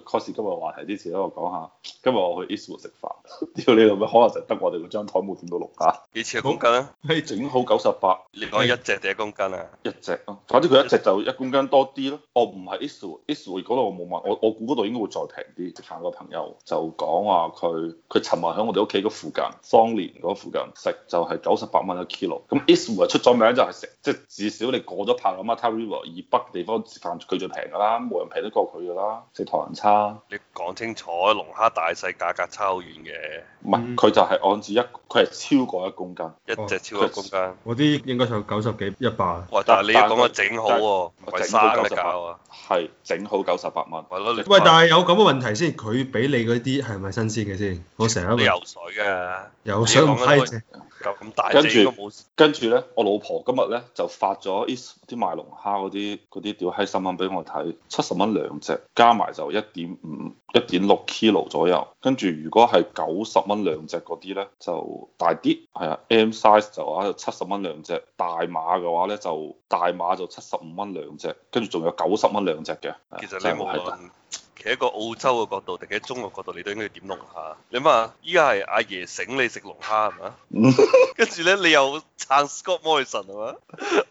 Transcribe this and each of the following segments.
開始今日話題之前，我講下今日我去 Eastwood 食飯。屌 你老味，可能就得我哋嗰張台冇見到龍蝦，啊。幾錢一公斤啊？嘿，整好九十八。你講一隻定一公斤啊？一隻啊，反正佢一隻就一公斤多啲咯。哦，唔係 Eastwood Eastwood 嗰度，我冇問，我我估嗰度應該會再平啲。食飯個朋友就講話佢佢尋日喺我哋屋企個附近，芳蓮嗰附近食就係九十八蚊一 kilogram，咁 Eastwood 出咗名就係食，即係至少你過咗 Parramatta River 以北地方食飯，佢最平噶啦，冇人平得過佢噶啦。食唐人餐。你講清楚，龍蝦大細價格差好遠嘅。誒，唔係、嗯，佢就係按住一，佢係超過一公斤，一隻、哦、是超過一公斤。我啲應該就九十幾一百。哇！但係但你講嘅整好喎、啊，但整個 98, 好九十八整好九十八蚊。喂！但係有咁嘅問題先，佢俾你嗰啲係咪新鮮嘅先？我成日都你游水嘅，游水咁閪正。咁大跟，跟住跟住咧，我老婆今日咧就發咗啲賣龍蝦嗰啲啲屌閪新聞俾我睇，七十蚊兩隻，加埋就一點五一點六 kilogram 左右。跟住如果係九十蚊兩隻嗰啲咧，就大啲，係啊，M size 就啊七十蚊兩隻，大碼嘅話咧就大碼就七十五蚊兩隻，跟住仲有九十蚊兩隻嘅，其實靚冇啦。的企喺個澳洲嘅角度，定企喺中國角度，你都應該要點龍蝦。你諗下，依家係阿爺醒你食龍蝦係咪？跟住咧，你又撐 Scott Morrison 係咪？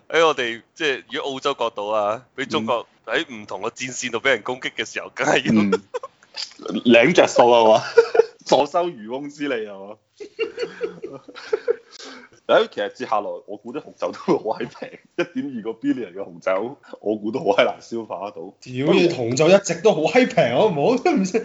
喺我哋即係如果澳洲角度啊，俾中國喺唔同嘅戰線度俾人攻擊嘅時候，梗係要兩隻數係嘛？坐收漁翁之利係嘛？ 誒，其實接下來我估啲紅酒都會好閪平，一點二個 billion 嘅紅酒，我估都好閪難消化得到。屌，嘢紅酒一直都好閪平，好唔好？唔係，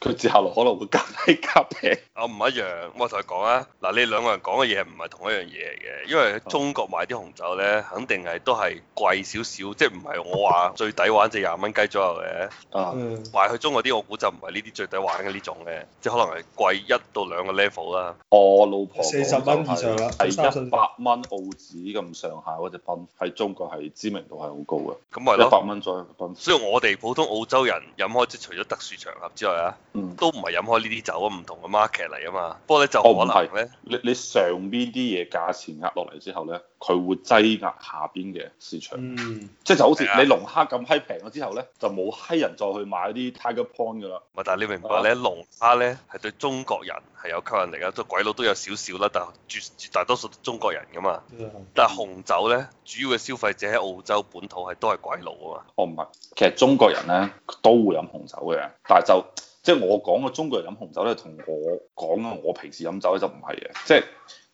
佢接下來可能會夾低夾平。啊，唔一樣，我同你講啊，嗱，你兩個人講嘅嘢唔係同一樣嘢嘅？因為喺中國買啲紅酒咧，肯定係都係貴少少，即係唔係我話最抵玩隻廿蚊雞左右嘅？嗯、啊，買去中國啲，我估就唔係呢啲最抵玩嘅呢種嘅，即係可能係貴一到兩個 level 啦、啊哦。我老婆四十蚊以上啦。係一百蚊澳紙咁上下嗰隻品，喺中國係知名度係好高嘅，咁咪咯一百蚊左右嘅品。所以我哋普通澳洲人飲開，即除咗特殊場合之外啊，嗯、都唔係飲開呢啲酒啊，唔同嘅 market 嚟啊嘛。不過咧就可能咧，你、哦、你上邊啲嘢價錢壓落嚟之後咧。佢會擠壓下邊嘅市場，嗯、即係就好似你龍蝦咁閪平咗之後咧，就冇閪人再去買啲 tiger prawn 噶啦。咪但係你明白咧，吧龍蝦咧係對中國人係有吸引力啊，都鬼佬都有少少啦，但係絕絕大多數中國人噶嘛。的但係紅酒咧，主要嘅消費者喺澳洲本土係都係鬼佬啊嘛。我唔係，其實中國人咧都會飲紅酒嘅，但係就即係我講嘅中國人飲紅酒咧，同我講嘅我平時飲酒咧就唔係嘅，即係。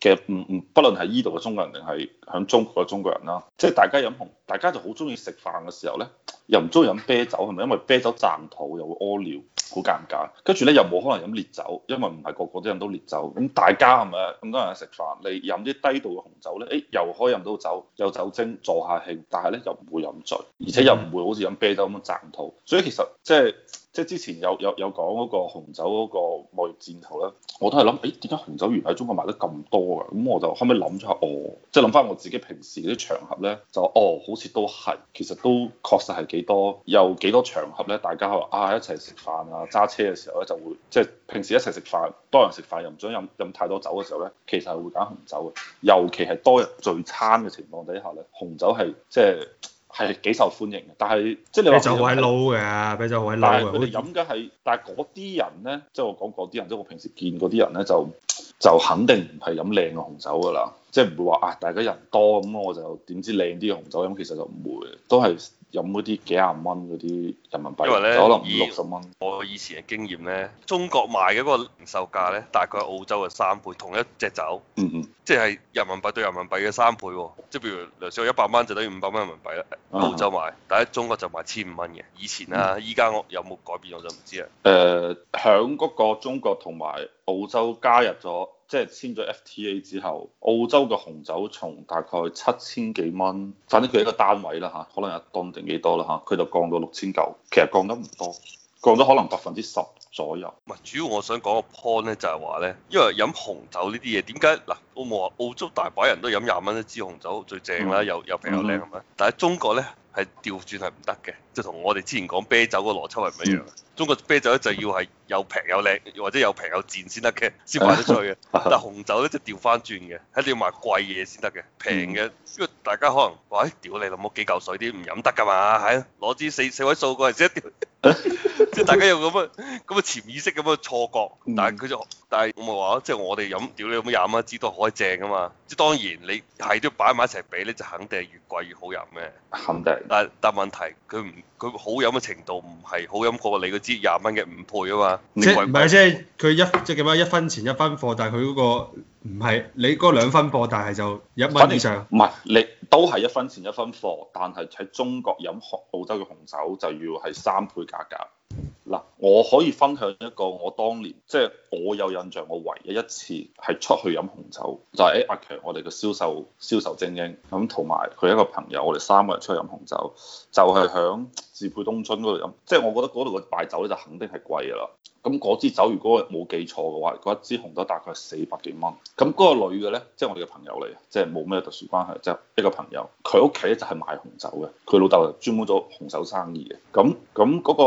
其實唔唔，不論係呢度嘅中國人定係喺中國嘅中國人啦，即係大家飲紅。大家就好中意食飯嘅時候呢，又唔中意飲啤酒，係咪？因為啤酒掙肚又，又會屙尿，好尷尬。跟住呢又冇可能飲烈酒，因為唔係個個啲人都飲到烈酒。咁大家係咪咁多人食飯，你飲啲低度嘅紅酒呢，誒、哎，又可以飲到酒，有酒精助下興，但係呢又唔會飲醉，而且又唔會好似飲啤酒咁掙肚。所以其實即係即係之前有有有講嗰個紅酒嗰個貿易戰頭呢，我都係諗，誒點解紅酒原來喺中國賣得咁多㗎？咁我就後尾諗咗下，哦，即係諗翻我自己平時啲場合呢，就哦好。都係，其實都確實係幾多，有幾多場合咧，大家啊一齊食飯啊，揸車嘅時候咧就會，即係平時一齊食飯，多人食飯又唔想飲飲太多酒嘅時候咧，其實係會揀紅酒嘅，尤其係多人聚餐嘅情況底下咧，紅酒係即係係幾受歡迎嘅。但係即係你話酒好閪撈嘅，啤酒好閪撈嘅，佢哋飲緊係，但係嗰啲人咧，即係我講嗰啲人，即係我平時見嗰啲人咧，就就肯定唔係飲靚嘅紅酒㗎啦。即係唔會話啊！大家人多咁，我就點知靚啲紅酒飲，其實就唔會，都係飲嗰啲幾廿蚊嗰啲人民幣，就可能五六十蚊。以我以前嘅經驗咧，中國賣嘅嗰個零售價咧，大概澳洲嘅三倍，同一隻酒。嗯嗯。即係人民幣對人民幣嘅三倍喎，即係譬如，例如，一百蚊就等於五百蚊人民幣啦。嗯嗯，澳洲買，但係中國就賣千五蚊嘅。以前啊，依家我有冇改變我就唔知啊。誒、呃，響嗰個中國同埋。澳洲加入咗，即係簽咗 FTA 之後，澳洲嘅紅酒從大概七千幾蚊，反正佢一個單位啦嚇，可能一噸定幾多啦嚇，佢就降到六千九，其實降得唔多，降咗可能百分之十左右。唔係，主要我想講個 point 咧，就係話咧，因為飲紅酒呢啲嘢，點解嗱，我冇話澳洲大把人都飲廿蚊一支紅酒最，最正啦，又又平又靚咁樣，mm hmm. 但係中國咧。係調轉係唔得嘅，即係同我哋之前講啤酒嘅邏輯係唔一樣。中國啤酒咧就要係又平又靚，或者又平又賤先得嘅，先賣得出去嘅。但係紅酒咧就調翻轉嘅，一定要賣貴嘢先得嘅，平嘅，因為大家可能話：屌你老母幾嚿水啲唔飲得㗎嘛？係咯，攞支四四位數過嚟，先得。即係 大家有咁嘅咁嘅潛意識咁嘅錯覺，但係佢就、嗯、但係咁咪話，即係我哋飲，屌你有冇廿蚊一支都好正啊嘛！即係當然你係都擺埋一齊俾咧，就肯定係越貴越好飲嘅。肯定但。但係但係問題佢唔佢好飲嘅程度唔係好飲過你嗰支廿蚊嘅五倍啊嘛！唔係即係佢一即係點啊，一分錢一分貨，但係佢嗰個唔係你嗰兩分貨，但係就一蚊以上。物力。都係一分錢一分貨，但係喺中國飲澳洲嘅紅酒就要係三倍價格。嗱，我可以分享一個我當年即係、就是、我有印象，我唯一一次係出去飲紅酒，就係、是、阿強我哋嘅銷售銷售精英咁，同埋佢一個朋友，我哋三個人出去飲紅酒，就係、是、響智配東春嗰度飲。即、就、係、是、我覺得嗰度嘅擺酒咧就肯定係貴㗎喇。咁嗰支酒如果冇記錯嘅話，嗰一支紅酒大概四百幾蚊。咁、那、嗰個女嘅咧，即係我哋嘅朋友嚟，即係冇咩特殊關係，即係一個朋友。佢屋企咧就係賣紅酒嘅，佢老豆專門做紅酒生意嘅。咁咁嗰個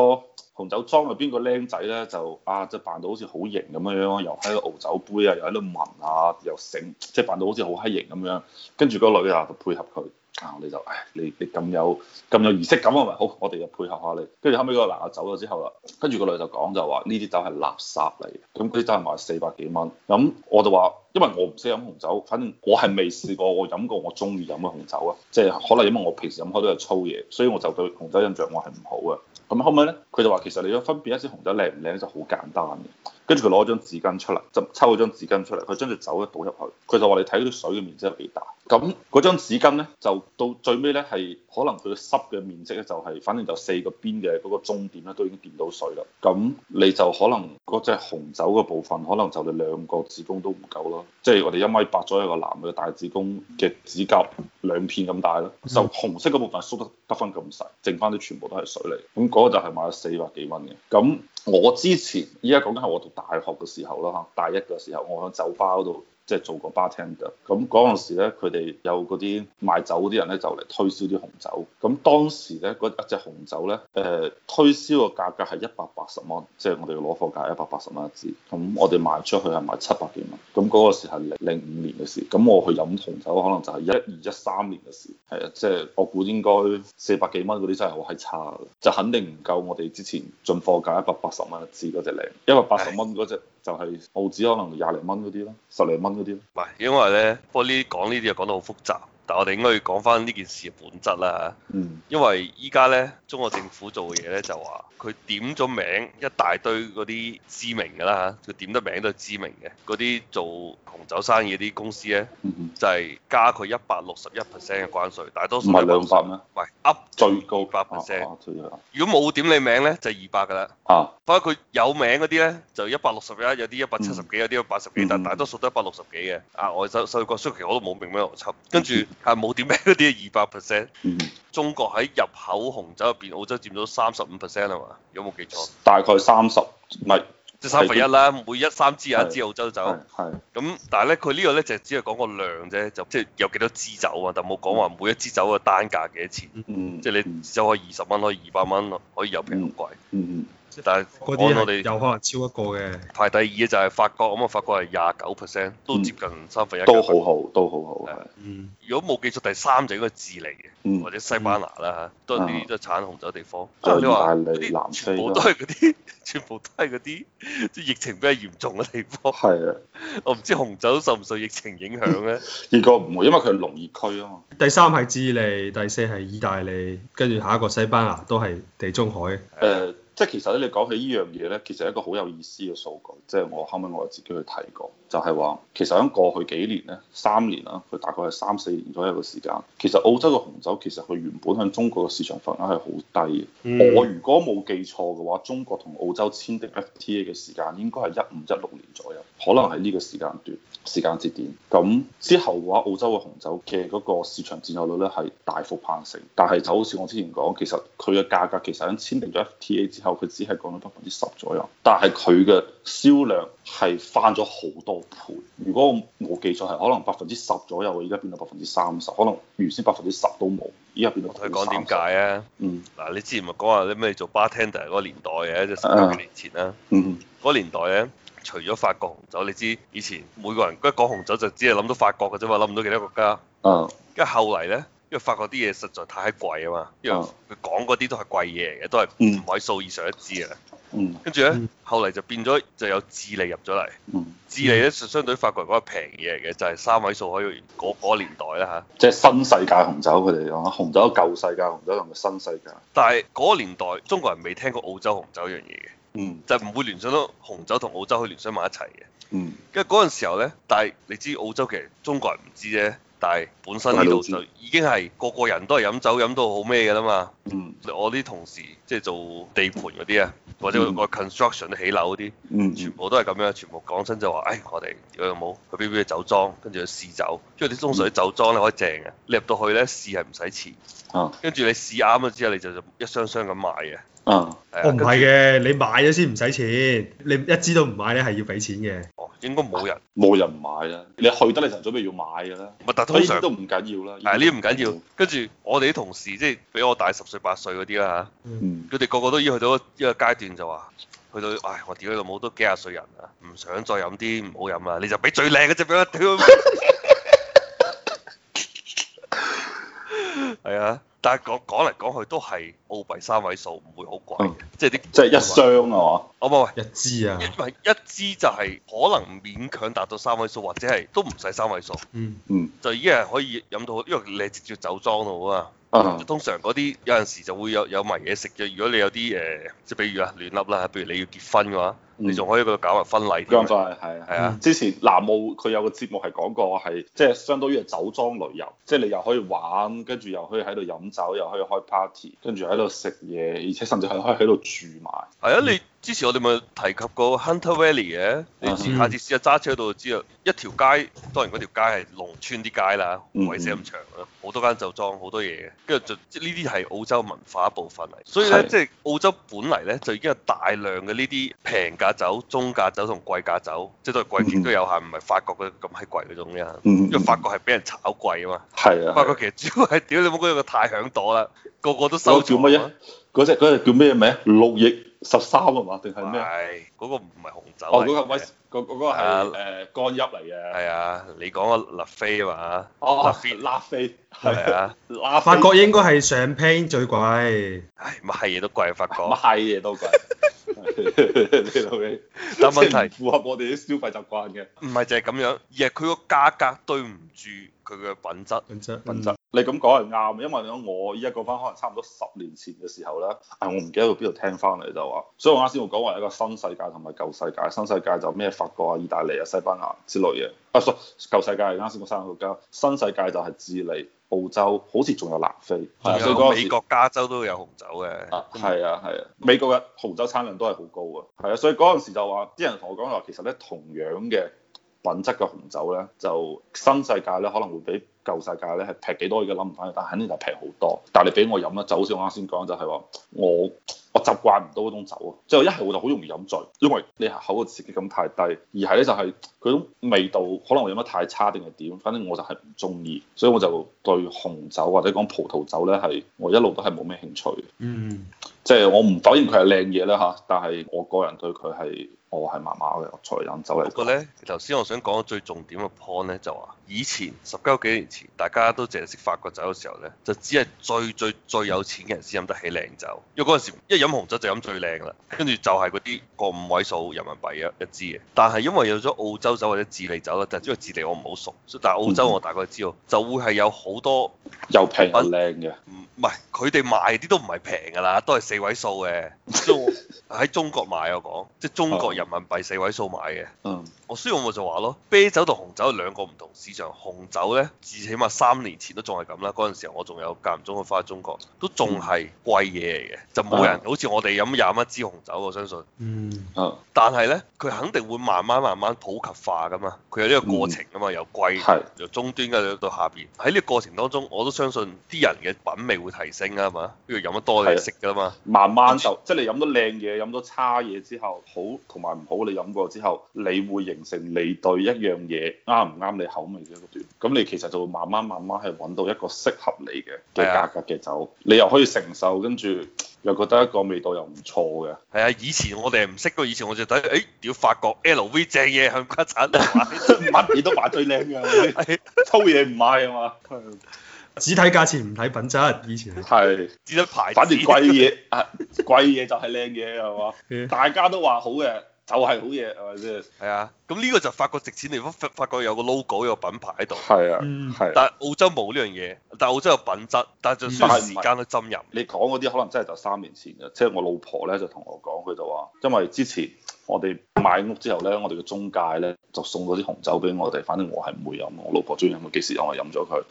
紅酒莊入邊個僆仔咧，就啊就扮到好似好型咁樣咯，又喺度熬酒杯啊，又喺度聞啊，又醒，即係扮到好似好閪型咁樣。跟住個女啊就配合佢，啊！我哋就唉，你你咁有咁有儀式感啊？咪好，我哋又配合下你。跟住後尾嗰個男嘅走咗之後啦，跟住個女就講就話：呢啲酒係垃圾嚟嘅。咁啲酒係賣四百幾蚊。咁我就話，因為我唔識飲紅酒，反正我係未試過，我飲過我中意飲嘅紅酒啊。即係可能因為我平時飲開都係粗嘢，所以我就對紅酒印象我係唔好啊。咁後尾咧，佢就話其實你要分辨一啲紅酒靚唔靚就好簡單嘅。跟住佢攞咗張紙巾出嚟，就抽咗張紙巾出嚟，佢將隻酒一倒入去，佢就話你睇嗰啲水嘅面積有幾大。咁嗰張紙巾咧，就到最尾咧係可能佢濕嘅面積咧、就是，就係反正就四個邊嘅嗰個中點咧，都已經掂到水啦。咁你就可能嗰隻紅酒嘅部分，可能就你哋兩個姆指都唔夠咯。即、就、係、是、我哋一米八左右嘅男嘅大姆指嘅指甲兩片咁大咯，就紅色嗰部分縮得得翻咁細，剩翻啲全部都係水嚟。咁、那、嗰個就係買咗四百幾蚊嘅。咁我之前依家講緊，係我讀大學嘅時候啦。吓，大一嘅時候我響酒吧嗰度。即係做個 bartender，咁嗰陣時咧，佢哋有嗰啲賣酒嗰啲人咧，就嚟推銷啲紅酒。咁當時咧，嗰一隻紅酒咧，誒，推銷嘅價格係一百八十蚊，即係我哋嘅攞貨價一百八十蚊一支。咁我哋賣出去係賣七百幾蚊。咁嗰個時係零五年嘅事。咁我去飲紅酒，可能就係一二一三年嘅事。係啊，即係我估應該四百幾蚊嗰啲真係好係差嘅，就肯定唔夠我哋之前進貨價一百八十蚊一支嗰隻靚，一百八十蚊嗰隻。就係澳紙可能廿零蚊嗰啲咯，十零蚊嗰啲咯。喂，因為咧，不過呢啲講呢啲又講得好複雜。但係我哋應該要講翻呢件事嘅本質啦嚇。嗯。因為依家咧，中國政府做嘅嘢咧就話，佢點咗名一大堆嗰啲知名㗎啦嚇，佢點得名都係知名嘅嗰啲做紅酒生意啲公司咧。嗯嗯就係加佢一百六十一 percent 嘅關稅，大多數唔係兩百咩？喂，up 是最高百 percent。啊啊、如果冇點你名咧，就二百噶啦。啊，不過佢有名嗰啲咧，就一百六十一，有啲一百七十幾，嗯、有啲一百八十幾，但大多數都一百六十幾嘅。啊、嗯，我收收個舒期我都冇明咩邏輯。跟住係冇點名嗰啲二百 percent。嗯、中國喺入口紅酒入邊，澳洲佔咗三十五 percent 係嘛？有冇記錯？大概三十咪。即係三分一啦，每一三支啊，一支澳洲酒，係咁，嗯嗯、但係咧佢呢個咧就只係講個量啫，就即係、就是、有幾多支酒啊，但冇講話每一支酒嘅單價幾多錢，即係你酒可以二十蚊，可以二百蚊，咯，可以又平又貴。嗯嗯但係嗰啲我哋有可能超一個嘅，排第二嘅就係法國，咁啊法國係廿九 percent，都接近三分一。都好好，都好好。嗯，如果冇記錯，第三就應該智利嘅，或者西班牙啦，都係啲都產紅酒地方。意大利、南西都係嗰啲，全部都係嗰啲，即係疫情比較嚴重嘅地方。係啊，我唔知紅酒受唔受疫情影響咧？結果唔會，因為佢係農業區啊嘛。第三係智利，第四係意大利，跟住下一個西班牙都係地中海。誒。即係其實咧，你講起呢樣嘢咧，其實一個好有意思嘅數據。即係我後尾我自己去睇過，就係話其實喺過去幾年咧，三年啦，佢大概係三四年左右嘅時間。其實澳洲嘅紅酒其實佢原本喺中國嘅市場份額係好低嘅。嗯、我如果冇記錯嘅話，中國同澳洲簽訂 FTA 嘅時間應該係一五一六年左右，可能係呢個時間段時間節點。咁之後嘅話，澳洲嘅紅酒嘅嗰個市場佔有率咧係大幅攀升。但係就好似我之前講，其實佢嘅價格其實喺簽訂咗 FTA 之後後佢只係講到百分之十左右，但係佢嘅銷量係翻咗好多倍。如果我記錯係可能百分之十左右，而家變到百分之三十，可能原先百分之十都冇，而家變到。佢講點解啊？嗯，嗱，你之前咪講話你咩做 bartender 嗰個年代嘅、啊，即十幾年前啦、啊。嗯嗯，嗰年代咧、啊，除咗法國紅酒，你知以前每個人一講紅酒就只係諗到法國嘅啫嘛，諗唔到其他國家。嗯，跟住後嚟咧。因為佢法國啲嘢實在太貴啊嘛，因為佢講嗰啲都係貴嘢嚟嘅，都係五位數以上一支啊。跟住咧，後嚟就變咗就有智利入咗嚟。嗯、智利咧相相對法國嗰個平嘢嚟嘅，就係、是、三位數可以嗰個年代啦嚇。即係新世界紅酒，佢哋講紅酒舊世界紅酒同埋新世界。但係嗰個年代中國人未聽過澳洲紅酒呢樣嘢嘅，嗯、就唔會聯想到紅酒同澳洲去聯想埋一齊嘅。嗯、因為嗰陣時候咧，但係你知澳洲其實中國人唔知啫。但係本身呢度就已經係個個人都係飲酒飲到好咩嘅啦嘛。嗯。我啲同事即係做地盤嗰啲啊，或者個 construction 起樓嗰啲，全部都係咁樣，全部講真就話，誒、哎、我哋有冇佢 B B 嘅酒莊，跟住去試酒，因為啲通常啲酒莊咧可以正嘅，你入到去咧試係唔使錢。哦。跟住你試啱咗之後，你就一箱箱咁買嘅。哦、啊。唔係嘅，你買咗先唔使錢。你一支都唔買咧，係要俾錢嘅。應該冇人，冇人買啦。你去得，你曾準備要買嘅啦。唔係，但通常都唔緊要啦。係呢唔緊要。跟住我哋啲同事，即係比我大十歲八歲嗰啲啦嚇，佢哋、嗯、個個都已經去到一個階段就，就話去到，唉，我屌你老母都幾廿歲人啊，唔想再飲啲，唔好飲啊，你就俾最靚嗰隻俾我。屌。係 啊。但係講講嚟講去都係澳幣三位數，唔會好貴嘅，即係啲即係一箱啊嘛，哦唔係一支啊，因為一支就係可能勉強達到三位數，或者係都唔使三位數，嗯嗯，就已經係可以飲到，因為你直接酒莊咯啊，嗯、通常嗰啲有陣時就會有有埋嘢食嘅，如果你有啲誒，即係比如啊亂粒啦，譬如你要結婚嘅話。你仲可以去搞埋婚禮，姜費係啊啊！啊之前南澳佢有個節目係講過，係即係相當於係酒莊旅遊，即係你又可以玩，跟住又可以喺度飲酒，又可以開 party，跟住喺度食嘢，而且甚至係可以喺度住埋。係啊！嗯、你之前我哋咪提及過 Hunter Valley 嘅、啊，你下次試下揸車到就知，一條街當然嗰條街係農村啲街啦，鬼死咁長啊！好多間酒莊，好多嘢嘅。跟住就即係呢啲係澳洲文化一部分嚟，所以咧即係澳洲本嚟咧就已經有大量嘅呢啲平價假酒、中價酒同貴價酒，即係都係貴極都有限，唔係法國嗰啲咁閪貴嗰種嘅。嗯嗯。因為法國係俾人炒貴啊嘛。係啊。法國其實主要係點？你唔好講佢太響朵啦，個個都收錢。叫乜嘢？嗰隻嗰隻叫咩名？六億十三係嘛？定係咩？係。嗰個唔係紅酒。哦。嗰個咩？嗰嗰個係誒乾邑嚟嘅。係啊，你講個拉菲啊嘛？哦。拉菲。拉菲。係啊。法國應該係香檳最貴。唉，乜係嘢都貴法國。乜係嘢都貴。 你老但問題符合我哋啲消費習慣嘅，唔係淨係咁樣，而係佢個價格對唔住佢嘅品質，品質品質。嗯、你咁講係啱，因為我依家講翻，可能差唔多十年前嘅時候咧，唉、哎，我唔記得去邊度聽翻嚟就話，所以我啱先我講話一個新世界同埋舊世界，新世界就咩法國啊、意大利啊、西班牙之類嘅，啊，錯，舊世界啱先講三個國家，新世界就係智利。澳洲好似仲有南非，的所以嗰陣時美國加州都有紅酒嘅，係啊係啊，美國嘅紅酒產量都係好高嘅，係啊，所以嗰陣時就話啲人同我講話，其實咧同樣嘅品質嘅紅酒咧，就新世界咧可能會比舊世界咧係平幾多，而家諗唔翻，但係肯定就平好多。但係你俾我飲咧，就好似我啱先講就係話我。習慣唔到嗰種酒啊，即係一係我就好容易飲醉，因為你口嘅刺激感太低，二係咧就係佢種味道可能我飲得太差定係點，反正我就係唔中意，所以我就對紅酒或者講葡萄酒咧係我一路都係冇咩興趣嘅。嗯，即係我唔否認佢係靚嘢啦嚇，但係我個人對佢係。我係麻麻嘅，我才飲酒嚟。不過呢，頭先我想講最重點嘅 point 呢，就話以前十九幾年前，大家都淨係識法國酒嘅時候呢，就只係最最最有錢嘅人先飲得起靚酒。因為嗰陣時一飲紅酒就飲最靚啦，跟住就係嗰啲個五位數人民幣一一支嘅。但係因為有咗澳洲酒或者智利酒但就係、因為智利我唔好熟，所以但係澳洲我大概知道，嗯、就會係有好多又平又靚嘅。唔係，佢哋賣啲都唔係平㗎啦，都係四位數嘅。喺 中國買我講，即係中國人民幣四位數買嘅。嗯， 我需要我就話咯，啤酒同紅酒係兩個唔同市場。紅酒呢，至起碼三年前都仲係咁啦。嗰陣時候我仲有間唔中去翻中國，都仲係貴嘢嚟嘅，就冇人 好似我哋飲廿蚊支紅酒。我相信。嗯。但係呢，佢肯定會慢慢慢慢普及化㗎嘛。佢有呢個過程㗎嘛，由貴由 中端跟住到下邊。喺呢個過程當中，我都相信啲人嘅品味。會提升啊嘛，因為飲得多你就識噶啦嘛，慢慢就即係你飲多靚嘢，飲多差嘢之後，好同埋唔好你飲過之後，你會形成你對一樣嘢啱唔啱你口味嘅一個段。咁你其實就會慢慢慢慢係揾到一個適合你嘅嘅價格嘅酒，的你又可以承受，跟住又覺得一個味道又唔錯嘅。係啊，以前我哋唔識，喎，以前我就睇，誒、哎，屌，發覺 LV 正嘢向骨產，乜嘢 都買最靚嘅，偷嘢唔買係嘛？只睇價錢唔睇品質，以前係。係。只得牌子。 反正貴嘢啊，貴嘢就係靚嘢係嘛？大家都話好嘅就係、係、好嘢係咪先？係啊。咁呢個就發覺值錢你發，發覺有個 logo 有個品牌喺度。係啊，嗯、是啊但係澳洲冇呢樣嘢，但係澳洲有品質，但係就需要時間去浸入。你講嗰啲可能真係就三年前嘅，即、就、係、是、我老婆咧就同我講，佢就話因為之前我哋買屋之後咧，我哋嘅中介咧就送咗啲紅酒俾我哋，反正我係唔會飲，我老婆中意飲，我幾時又話飲咗佢？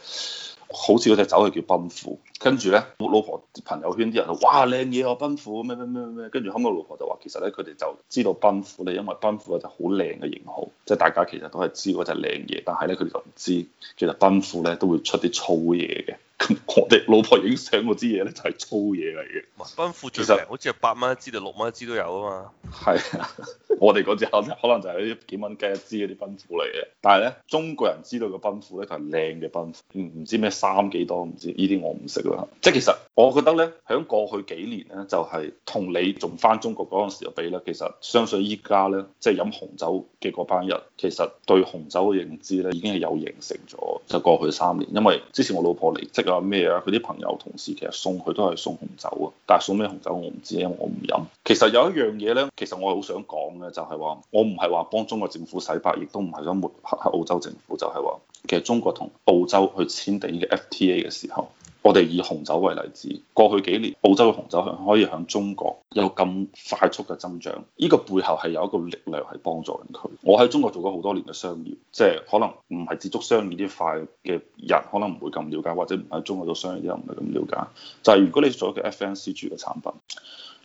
好似嗰隻酒係叫奔富，跟住咧我老婆朋友圈啲人就話靚嘢哦，奔富咩咩咩咩，跟住後屘我老婆就話其實咧佢哋就知道奔富咧，因為奔富就好靚嘅形。好，即係大家其實都係知嗰隻靚嘢，但係咧佢哋就唔知，其實奔富咧都會出啲粗嘢嘅。咁我哋老婆影相嗰支嘢咧就係粗嘢嚟嘅，奔富最平好似係八蚊一支定六蚊一支都有啊嘛。係啊，我哋嗰支我可能就係啲幾蚊雞一支嗰啲奔富嚟嘅。但係咧，中國人知道嘅奔富咧就係靚嘅奔富，唔唔知咩三幾多唔知，呢啲我唔識啦。即係其實我覺得咧，喺過去幾年咧就係、是、同你仲翻中國嗰陣時又比啦。其實相信依家咧，即係飲紅酒嘅嗰班人，其實對紅酒嘅認知咧已經係有形成咗。就過去三年，因為之前我老婆離職。咩啊？佢啲朋友同事其實送佢都係送紅酒啊，但係送咩紅酒我唔知，因為我唔飲。其實有一樣嘢咧，其實我係好想講嘅，就係話我唔係話幫中國政府洗白，亦都唔係想抹黑澳洲政府，就係話其實中國同澳洲去簽訂呢個 FTA 嘅時候。我哋以紅酒為例子，過去幾年澳洲嘅紅酒可以響中國有咁快速嘅增長，呢、這個背後係有一個力量係幫助緊佢。我喺中國做過好多年嘅商業，即係可能唔係接觸商業啲塊嘅人，可能唔會咁了解，或者唔係中國做商業啲人唔係咁了解。就係、是、如果你做一個 FMCG 嘅產品。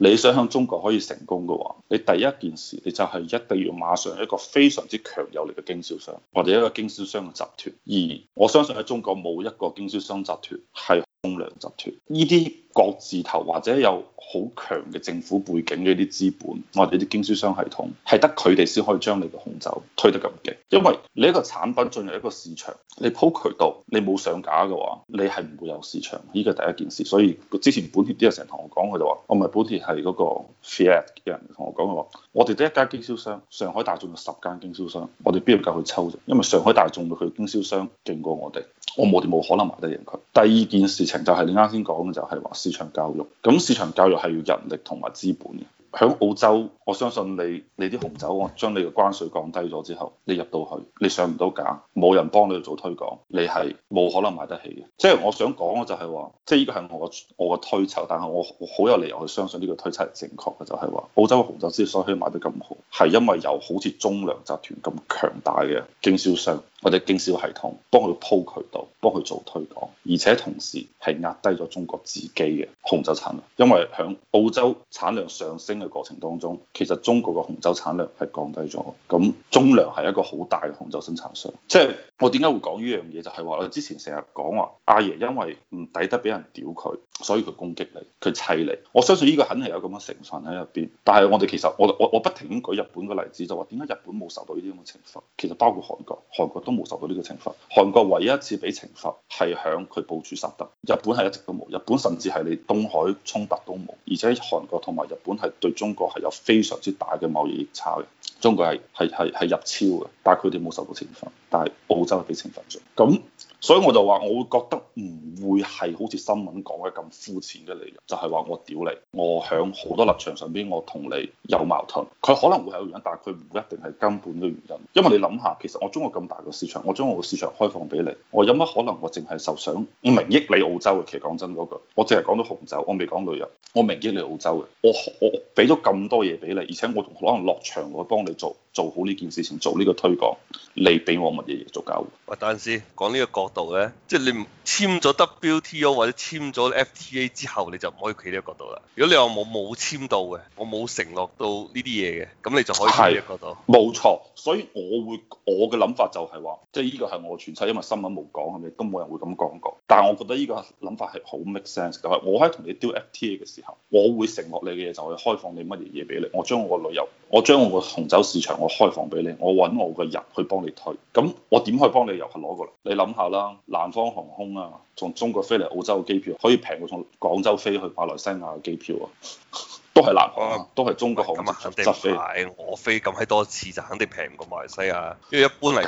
你想喺中國可以成功嘅話，你第一件事你就係一定要馬上一個非常之強有力嘅經銷商，或者一個經銷商嘅集團。而我相信喺中國冇一個經銷商集團係，中糧集團，呢啲國字頭或者有好強嘅政府背景嘅一啲資本，或者啲經銷商系統，係得佢哋先可以將你個紅酒推得咁勁。因為你一個產品進入一個市場，你鋪渠道，你冇上架嘅話，你係唔會有市場。呢個第一件事，所以之前本田啲人成日同我講，佢就話，我唔係本田，係嗰個 Fiat 嘅人同我講，佢話我哋得一間經銷商，上海大眾有十間經銷商，我哋邊有夠去抽？啫？因為上海大眾佢嘅經銷商勁過我哋，我冇冇可能賣得贏佢。第二件事。就係你啱先講嘅，就係話市場教育，咁市場教育係要人力同埋資本嘅。喺澳洲，我相信你，你啲紅酒，我將你嘅關稅降低咗之後，你入到去，你上唔到架，冇人幫你去做推廣，你係冇可能買得起嘅。即係我想講嘅就係話即係呢個係我我嘅推測，但係我好有理由去相信呢個推測係正確嘅，就係話澳洲嘅紅酒之所以可以賣得咁好，係因為有好似中糧集團咁強大嘅經銷商，或者經銷系統幫佢鋪渠道，幫佢做推廣，而且同時係壓低咗中國自己嘅紅酒產量，因為響澳洲產量上升。嘅過程當中，其實中國嘅紅酒產量係降低咗，咁中糧係一個好大嘅紅酒生產商，即係我點解會講呢樣嘢，就係話我哋之前成日講話阿爺因為唔抵得俾人屌佢，所以佢攻擊你，佢砌你。我相信呢個肯定有咁嘅成分喺入邊，但係我哋其實我我我不停咁舉日本嘅例子，就話點解日本冇受到呢啲咁嘅懲罰？其實包括韓國，韓國都冇受到呢個懲罰。韓國唯一一次俾懲罰係響佢部署薩德，日本係一直都冇，日本甚至係你東海衝突都冇，而且韓國同埋日本係中國係有非常之大嘅貿易逆差嘅，中國係係係係入超嘅，但係佢哋冇受到懲罰，但係澳洲係俾懲罰咗，咁。所以我就話，我會覺得唔會係好似新聞講嘅咁膚淺嘅理由，就係話我屌你，我喺好多立場上邊我同你有矛盾。佢可能會有原因，但係佢唔一定係根本嘅原因。因為你諗下，其實我中國咁大個市場，我將我個市場開放俾你，我有乜可能我淨係受傷，我明益你澳洲嘅。其實講真嗰句、那個，我淨係講到紅酒，我未講旅遊。我明益你澳洲嘅，我我俾咗咁多嘢俾你，而且我仲可能落場我幫你做。做好呢件事情，做呢個推廣，你俾我乜嘢嘢做交換？喂，但係，講呢個角度咧，即係你唔簽咗 WTO 或者簽咗 FTA 之後，你就唔可以企呢個角度啦。如果你話我冇簽到嘅，我冇承諾到呢啲嘢嘅，咁你就可以企呢個角度。冇錯，所以我會我嘅諗法就係話，即係呢個係我嘅揣測，因為新聞冇講，係咪都冇人會咁講過。但係我覺得呢個諗法係好 make sense，就係、是、我喺同你丟 FTA 嘅時候，我會承諾你嘅嘢就係開放你乜嘢嘢俾你，我將我嘅旅遊，我將我嘅紅酒市場。我開房俾你，我揾我嘅人去幫你推，咁我點可以幫你遊客攞過嚟？你諗下啦，南方航空啊，從中國飛嚟澳洲嘅機票可以平過從廣州飛去馬來西亞嘅機票啊，都係南方，哦、都係中國航空啊，我飛咁閪多次就肯定平過馬來西亞。跟住一般嚟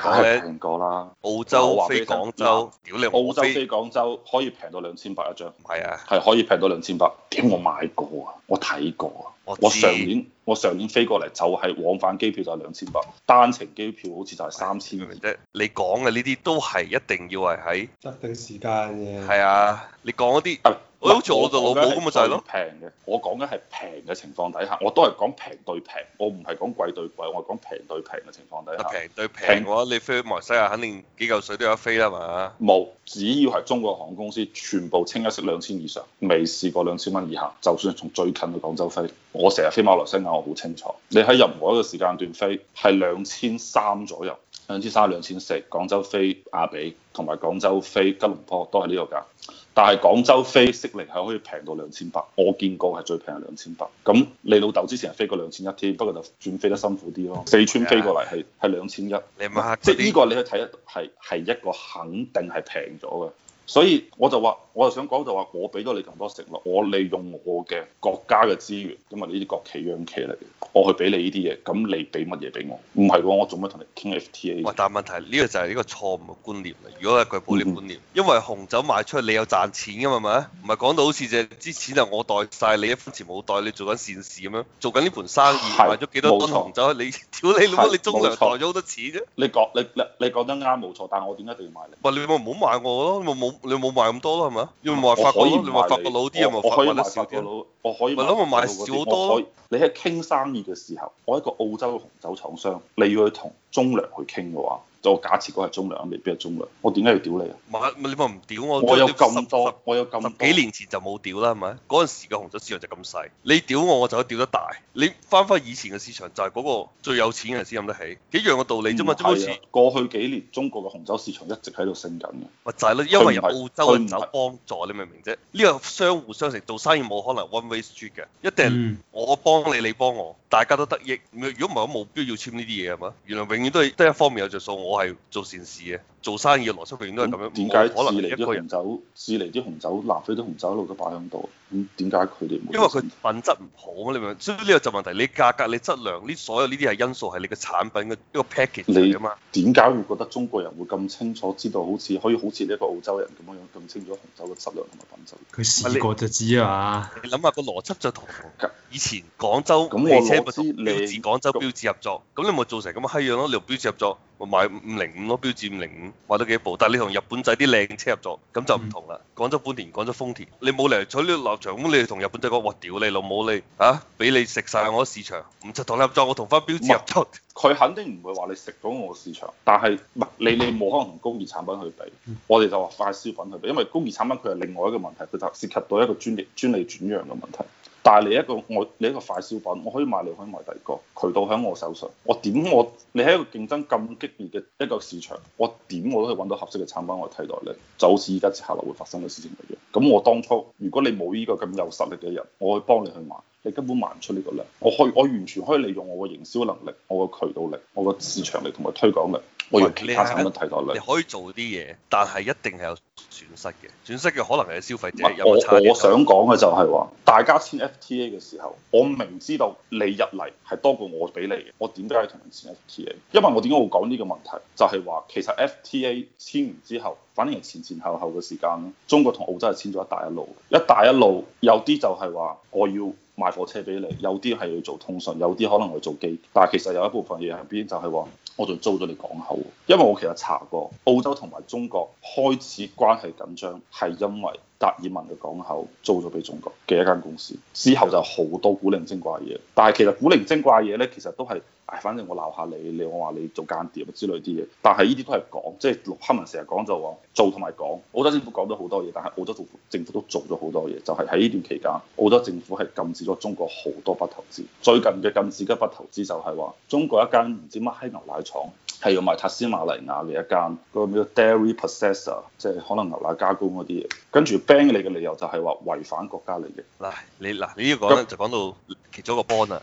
講啦。過澳洲飛你廣州，你澳洲飛廣州可以平到兩千八一張，唔係啊，係可以平到兩千八。點我買過啊？我睇過啊？我，我上年我上年飛過嚟就係往返機票就係兩千八，單程機票好似就係三千蚊啫。你講嘅呢啲都係一定要係喺特定時間嘅。係啊，你講嗰啲，我好似做老老母咁咪就係咯。平嘅，我講緊係平嘅情況底下，我都係講平對平，我唔係講貴對貴，我係講平對平嘅情況底下。平對平，我話你飛去馬來西亞肯定幾嚿水都有飛啦嘛。冇，只要係中國航空公司，全部清一色兩千以上，未試過兩千蚊以下。就算從最近嘅廣州飛。我成日飛馬來西亞，我好清楚。你喺任何一個時間段飛，係兩千三左右，兩千三兩千四。廣州飛阿比同埋廣州飛吉隆坡都係呢個價。但係廣州飛悉尼係可以平到兩千八，我見過係最平兩千八。咁你老豆之前係飛過兩千一添，不過就轉飛得辛苦啲咯。四川飛過嚟係係兩千一，你唔客，即係呢個你去睇係係一個肯定係平咗嘅。所以我就話。我就想講就話，我俾咗你咁多食物，我利用我嘅國家嘅資源，因為呢啲國企央企嚟嘅，我去俾你呢啲嘢，咁你俾乜嘢俾我？唔係喎，我做乜同你傾 FTA？唔係，但問題呢、呢個就係呢個錯誤嘅觀念嚟，如果係佢觀念，嗯、因為紅酒賣出去你有賺錢嘅嘛係咪？唔係講到好似就啲錢係我袋晒，你一分錢冇袋，你做緊善事咁樣，做緊呢盤生意賣咗幾多樽紅酒，錯你屌你老母是你中糧代咗好多錢啫。你講你你你講得啱冇錯，但係我點解一定要買你？喂，你咪唔好買我咯，冇冇你冇買咁多啦係咪？你唔話法國，你話法國佬啲有冇？我可以賣法國佬，我可以賣得少好多。你喺傾生意嘅時候，我一個澳洲紅酒廠商，你要去同中糧去傾嘅話。就假設嗰係中糧，未必係中糧。我點解要屌你啊？唔唔，你話唔屌我？我有咁多，我有咁多，十幾年前就冇屌啦，係咪？嗰陣時個紅酒市場就咁細，你屌我我就要屌得大。你翻返以前嘅市場就係、是、嗰個最有錢嘅人先飲得起，幾樣嘅道理啫嘛。啊、好似過去幾年中國嘅紅酒市場一直喺度升緊咪、啊、就係、是、咯，因為有澳洲嘅人有幫助，你明唔明啫？呢個相互相成，做生意冇可能 one way street 嘅，一定我幫你，你幫我。嗯。大家都得益，如果唔係我冇必要簽呢啲嘢係嘛？原來永遠都係得一方面有着數，我係做善事嘅，做生意嘅邏輯永遠都係咁樣。點解、嗯？可能一個人酒，智利嚟啲紅酒，南非啲紅酒一路都擺響度，咁點解佢哋？為因為佢品質唔好啊嘛，你明唔明？所以呢個就問題，你價格、你質量，呢所有呢啲係因素係你嘅產品嘅一、呢個 package 嚟啊嘛。點解會覺得中國人會咁清楚知道好？好似可以好似呢個澳洲人咁樣咁清楚紅酒嘅質量同埋品質？佢試過就知啊，你諗下個邏輯就同以前廣州、嗯，而同標致廣州標致合作，咁你咪做成咁嘅閪樣咯？你同標致合作，我買五零五咯，標致五零五買到幾部？但係你同日本仔啲靚車合作，咁就唔同啦。廣州本田、廣州豐田，你冇嚟取呢啲立場，咁你同日本仔講：哇，屌你老母、啊、你嚇，俾你食晒我市場。唔同你合作，我同翻標致合作。佢肯定唔會話你食到我市場，但係你你冇可能同工業產品去比。我哋就話快消品去比，因為工業產品佢係另外一個問題，佢就涉及到一個專利專利轉讓嘅問題。但係你一個我你一個快消品，我可以賣你可以賣，第二個渠道喺我手上。我點我你喺一個競爭咁激烈嘅一個市場，我點我都我可以揾到合適嘅產品來替代你。就好似依家接下嚟會發生嘅事情嚟嘅。咁我當初如果你冇呢個咁有實力嘅人，我去幫你去賣，你根本賣唔出呢個量，我可我完全可以利用我嘅營銷能力、我嘅渠道力、我嘅市場力同埋推廣力。我用其他產品替代你，你可以做啲嘢，但係一定係有損失嘅。損失嘅可能係消費者入我，我想講嘅就係話，大家簽 FTA 嘅時候，我明知道你入嚟係多過我俾你嘅，我點解要同人簽 FTA？因為我點解會講呢個問題，就係話其實 FTA 簽完之後，反正前前後後嘅時間咧，中國同澳洲係簽咗一帶一路，一帶一路有啲就係話我要。賣火車俾你，有啲係要做通訊，有啲可能去做機，但係其實有一部分嘢喺邊就係話，我仲租咗你港口，因為我其實查過澳洲同埋中國開始關係緊張係因為。達爾文嘅港口租咗俾中國嘅一間公司，之後就好多古靈精怪嘢。但係其實古靈精怪嘢咧，其實都係，唉、哎，反正我鬧下你，你我話你做間諜之類啲嘢。但係呢啲都係講，即係陸克文成日講就話做同埋講。澳洲政府講咗好多嘢，但係澳洲政府都做咗好多嘢，就係喺呢段期間，澳洲政府係禁止咗中國好多筆投資。最近嘅禁止嘅筆投資就係話，中國一間唔知乜閪牛奶廠。係要賣塔斯馬尼亞嘅一間嗰、嗰個咩 dairy processor，即係可能牛奶加工嗰啲嘢，跟住 ban 你嘅理由就係話違反國家利益。嗱，你 嗱，你個就講到結咗個 bond